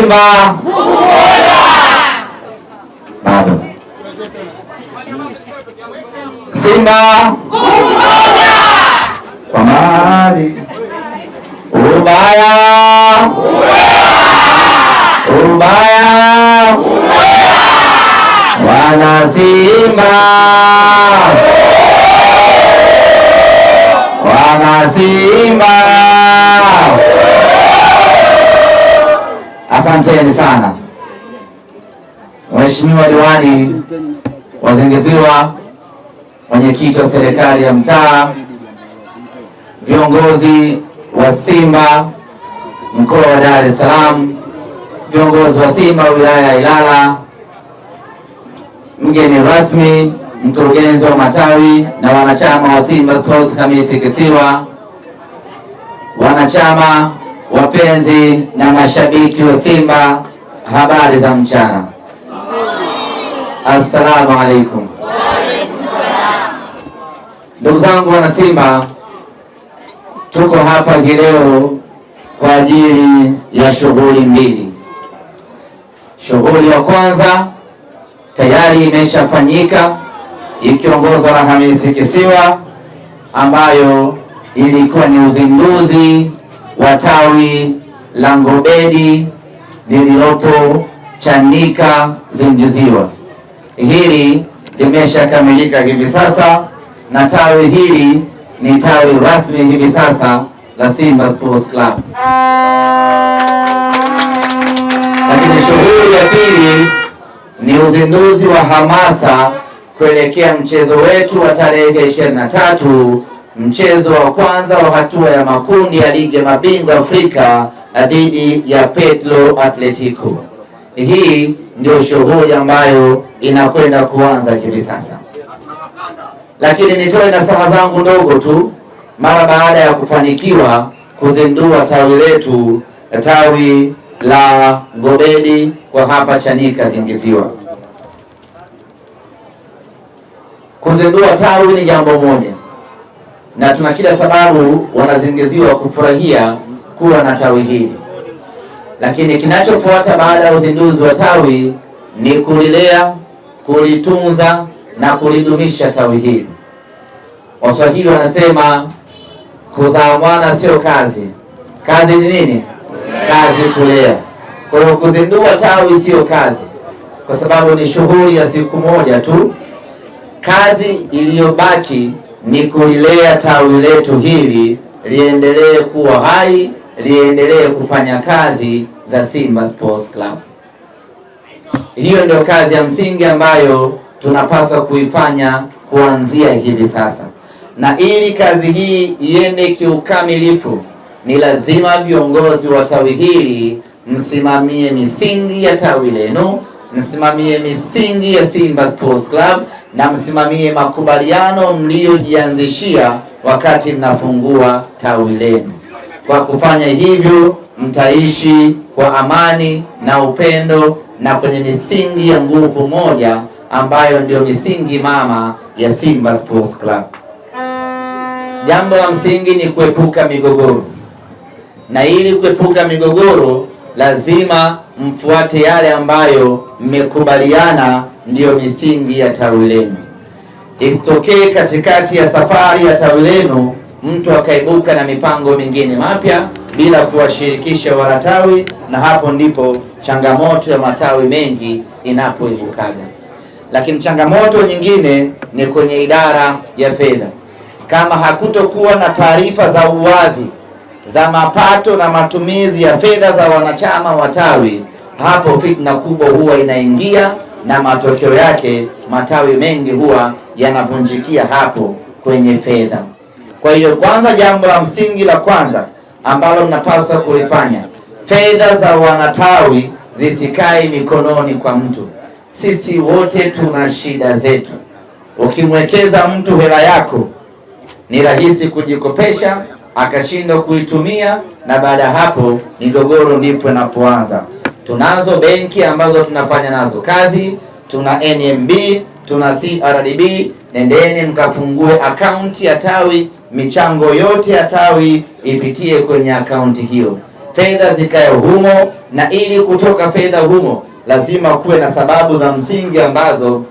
Simba bado Simba kwa mali ubaya ubaya wana Simba Asanteni sana Mheshimiwa diwani Wazengeziwa, mwenyekiti wa serikali ya mtaa, viongozi wa Simba mkoa wa Dar es Salaam, viongozi wa Simba wilaya ya Ilala, mgeni rasmi, mkurugenzi wa matawi na wanachama wa Simba Sports Khamisi Kisiwa, wanachama wapenzi na mashabiki wa Simba, habari za mchana. Assalamu alaikum. Ndugu zangu wana Simba, tuko hapa leo kwa ajili ya shughuli mbili. Shughuli ya kwanza tayari imeshafanyika ikiongozwa na Hamisi Kisiwa ambayo ilikuwa ni uzinduzi wa tawi la Ngobedi lililopo Chanika zinjiziwa Hili limeshakamilika hivi sasa na tawi hili ni tawi rasmi hivi sasa la Simba Sports Club. Lakini shughuli ya pili ni uzinduzi wa hamasa kuelekea mchezo wetu wa tarehe 23 mchezo wa kwanza wa hatua ya makundi ya ligi ya mabingwa Afrika eh, dhidi ya Petro Atletico. Hii ndio shughuli ambayo inakwenda kuanza hivi sasa, lakini nitoe nasaha zangu ndogo tu mara baada ya kufanikiwa kuzindua tawi letu, eh, tawi la Ngobedi kwa hapa Chanika Zingiziwa. Kuzindua tawi ni jambo moja na tuna kila sababu wanazingiziwa kufurahia kuwa na tawi hili, lakini kinachofuata baada ya uzinduzi wa tawi ni kulilea, kulitunza na kulidumisha tawi hili. Waswahili wanasema kuzaa mwana sio kazi, kazi ni nini? Kazi kulea. Kwa hiyo kuzindua tawi sio kazi, kwa sababu ni shughuli ya siku moja tu. Kazi iliyobaki ni kulilea tawi letu hili liendelee kuwa hai, liendelee kufanya kazi za Simba Sports Club. Hiyo ndio kazi ya msingi ambayo tunapaswa kuifanya kuanzia hivi sasa, na ili kazi hii iende kiukamilifu, ni lazima viongozi wa tawi hili msimamie misingi ya tawi lenu, msimamie misingi ya Simba Sports Club na msimamie makubaliano mliyojianzishia wakati mnafungua tawi lenu. Kwa kufanya hivyo, mtaishi kwa amani na upendo na kwenye misingi ya nguvu moja ambayo ndiyo misingi mama ya Simba Sports Club. Jambo la msingi ni kuepuka migogoro, na ili kuepuka migogoro lazima mfuate yale ambayo mmekubaliana ndiyo misingi ya tawi lenu. Isitokee katikati ya safari ya tawi lenu mtu akaibuka na mipango mingine mapya bila kuwashirikisha wanatawi, na hapo ndipo changamoto ya matawi mengi inapoibukaga. Lakini changamoto nyingine ni kwenye idara ya fedha. Kama hakutokuwa na taarifa za uwazi za mapato na matumizi ya fedha za wanachama wa tawi, hapo fitna kubwa huwa inaingia, na matokeo yake matawi mengi huwa yanavunjikia hapo kwenye fedha. Kwa hiyo, kwanza, jambo la msingi la kwanza ambalo mnapaswa kulifanya, fedha za wanatawi zisikae mikononi kwa mtu. Sisi wote tuna shida zetu. Ukimwekeza mtu hela yako, ni rahisi kujikopesha akashindwa kuitumia, na baada ya hapo migogoro ndipo inapoanza. Tunazo benki ambazo tunafanya nazo kazi, tuna NMB, tuna CRDB. Nendeni mkafungue akaunti ya tawi, michango yote ya tawi ipitie kwenye akaunti hiyo, fedha zikae humo, na ili kutoka fedha humo lazima kuwe na sababu za msingi ambazo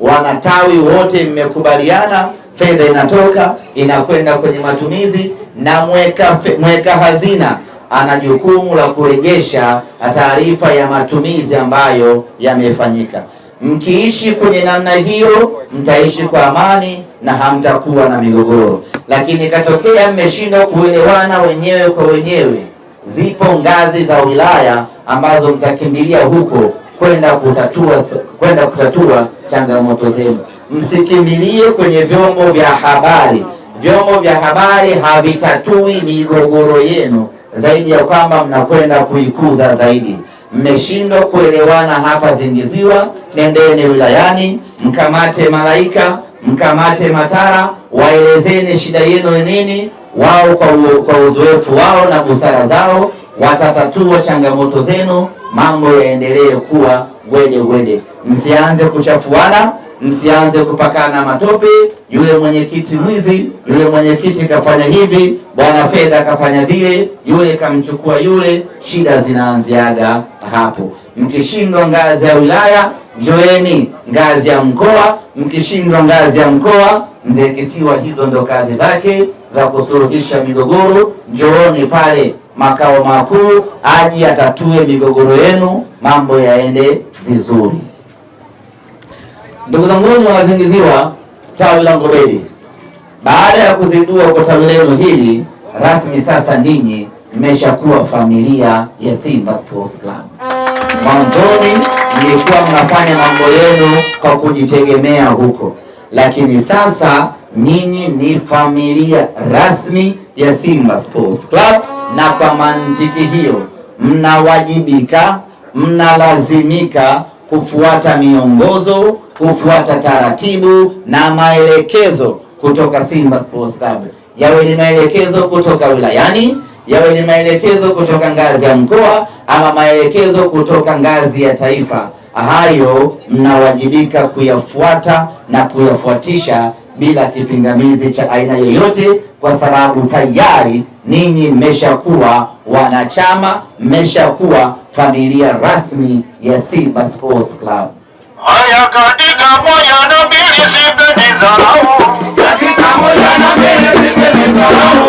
wanatawi wote mmekubaliana, fedha inatoka inakwenda kwenye matumizi, na mweka, mweka hazina ana jukumu la kurejesha taarifa ya matumizi ambayo yamefanyika. Mkiishi kwenye namna hiyo, mtaishi kwa amani na hamtakuwa na migogoro. Lakini katokea mmeshindwa kuelewana wenyewe kwa wenyewe, zipo ngazi za wilaya ambazo mtakimbilia huko kwenda kutatua, kwenda kutatua changamoto zenu. Msikimbilie kwenye vyombo vya habari. Vyombo vya habari havitatui migogoro yenu zaidi ya kwamba mnakwenda kuikuza zaidi. Mmeshindwa kuelewana hapa Zingiziwa, nendeni wilayani mkamate Malaika, mkamate Matara, waelezeni shida yenu ni nini. Wao kwa uzoefu wao na busara zao watatatua changamoto zenu, mambo yaendelee kuwa wede wede, msianze kuchafuana msianze kupakana matope, yule mwenyekiti mwizi, yule mwenyekiti kafanya hivi, bwana fedha kafanya vile, yule kamchukua yule. Shida zinaanziaga hapo. Mkishindwa ngazi ya wilaya, njoeni ngazi ya mkoa. Mkishindwa ngazi ya mkoa, mzee Kisiwa, hizo ndo kazi zake za kusuluhisha migogoro. Njooni pale makao makuu, aji atatue migogoro yenu, mambo yaende vizuri. Ndugu zangu wangu wanazingiziwa tawi la Ngobedi, baada ya kuzindua kwa tawi lenu hili rasmi, sasa ninyi mmeshakuwa familia ya Simba Sports Club. Mwanzoni mlikuwa mnafanya mambo yenu kwa kujitegemea huko, lakini sasa ninyi ni familia rasmi ya Simba Sports Club, na kwa mantiki hiyo mnawajibika, mnalazimika kufuata miongozo kufuata taratibu na maelekezo kutoka Simba Sports Club, yawe ni maelekezo kutoka wilayani, yawe ni maelekezo kutoka ngazi ya mkoa ama maelekezo kutoka ngazi ya taifa. Hayo mnawajibika kuyafuata na kuyafuatisha bila kipingamizi cha aina yoyote, kwa sababu tayari ninyi mmeshakuwa wanachama, mmeshakuwa familia rasmi ya Simba Sports Club. Katika moja na mbili sipendizarau, katika moja na mbili sipendizarau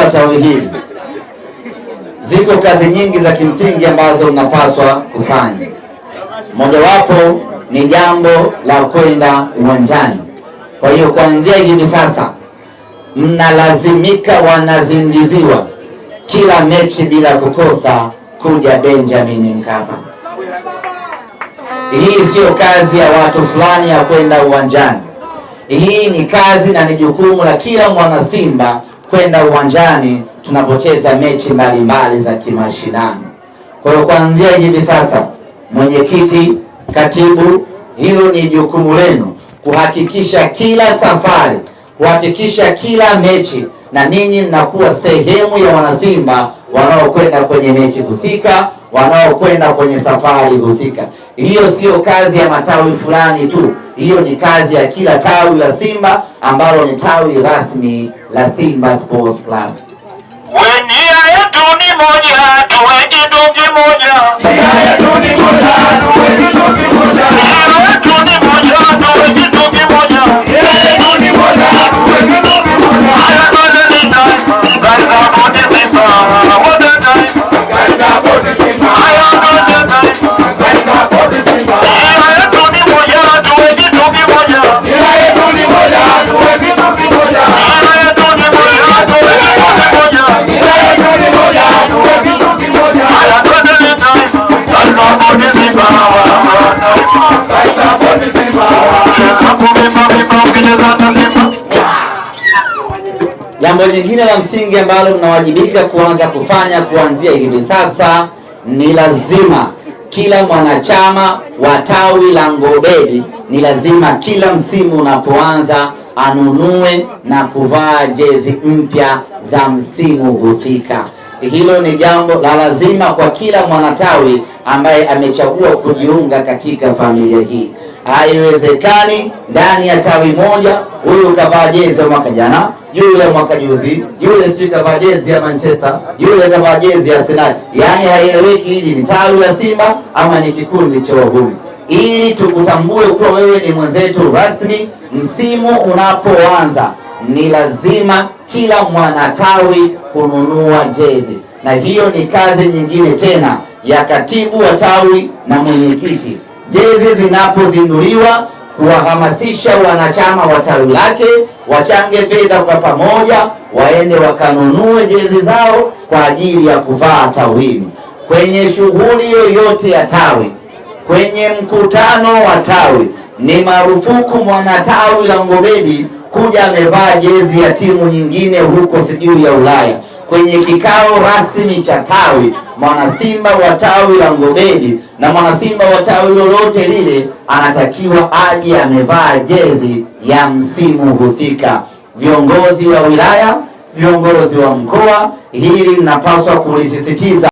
kujua tawi hili, ziko kazi nyingi za kimsingi ambazo unapaswa kufanya. Mojawapo ni jambo la kwenda uwanjani. Kwa hiyo kuanzia hivi sasa mnalazimika, wanazingiziwa kila mechi bila kukosa kuja Benjamin Mkapa. Hii siyo kazi ya watu fulani ya kwenda uwanjani. Hii ni kazi na ni jukumu la kila mwana Simba kwenda uwanjani tunapocheza mechi mbalimbali za kimashindano. Kwa hiyo kuanzia hivi sasa, mwenyekiti, katibu, hilo ni jukumu lenu kuhakikisha kila safari, kuhakikisha kila mechi, na ninyi mnakuwa sehemu ya wanasimba wanaokwenda kwenye mechi husika wanaokwenda kwenye safari husika. Hiyo sio kazi ya matawi fulani tu, hiyo ni kazi ya kila tawi la Simba ambalo ni tawi rasmi la Simba Sports Club. Nia yetu ni moja, tuwe kitu kimoja. jingine la msingi ambalo mnawajibika kuanza kufanya kuanzia hivi sasa, ni lazima kila mwanachama wa tawi la Ngobedi ni lazima kila msimu unapoanza anunue na kuvaa jezi mpya za msimu husika. Hilo ni jambo la lazima kwa kila mwanatawi ambaye amechagua kujiunga katika familia hii. Haiwezekani ndani ya tawi moja huyu kavaa jezi ya mwaka jana, yule mwaka juzi, yule sijui kavaa jezi ya Manchester, yule kavaa jezi ya Arsenal. Yaani haieleweki, hili ni tawi la Simba ama ni kikundi cha wahuni? Ili tukutambue kuwa wewe ni mwenzetu rasmi, msimu unapoanza ni lazima kila mwanatawi kununua jezi, na hiyo ni kazi nyingine tena ya katibu wa tawi na mwenyekiti jezi zinapozinduliwa kuwahamasisha wanachama wa tawi lake wachange fedha kwa pamoja, waende wakanunue jezi zao kwa ajili ya kuvaa tawini. Kwenye shughuli yoyote ya tawi, kwenye mkutano wa tawi, ni marufuku mwanatawi la Ngobedi kuja amevaa jezi ya timu nyingine huko sijui ya Ulaya. Kwenye kikao rasmi cha tawi mwanasimba wa tawi la Ngobedi na mwanasimba wa tawi lolote lile anatakiwa aje amevaa jezi ya msimu husika. Viongozi wa wilaya, viongozi wa mkoa, hili mnapaswa kulisisitiza.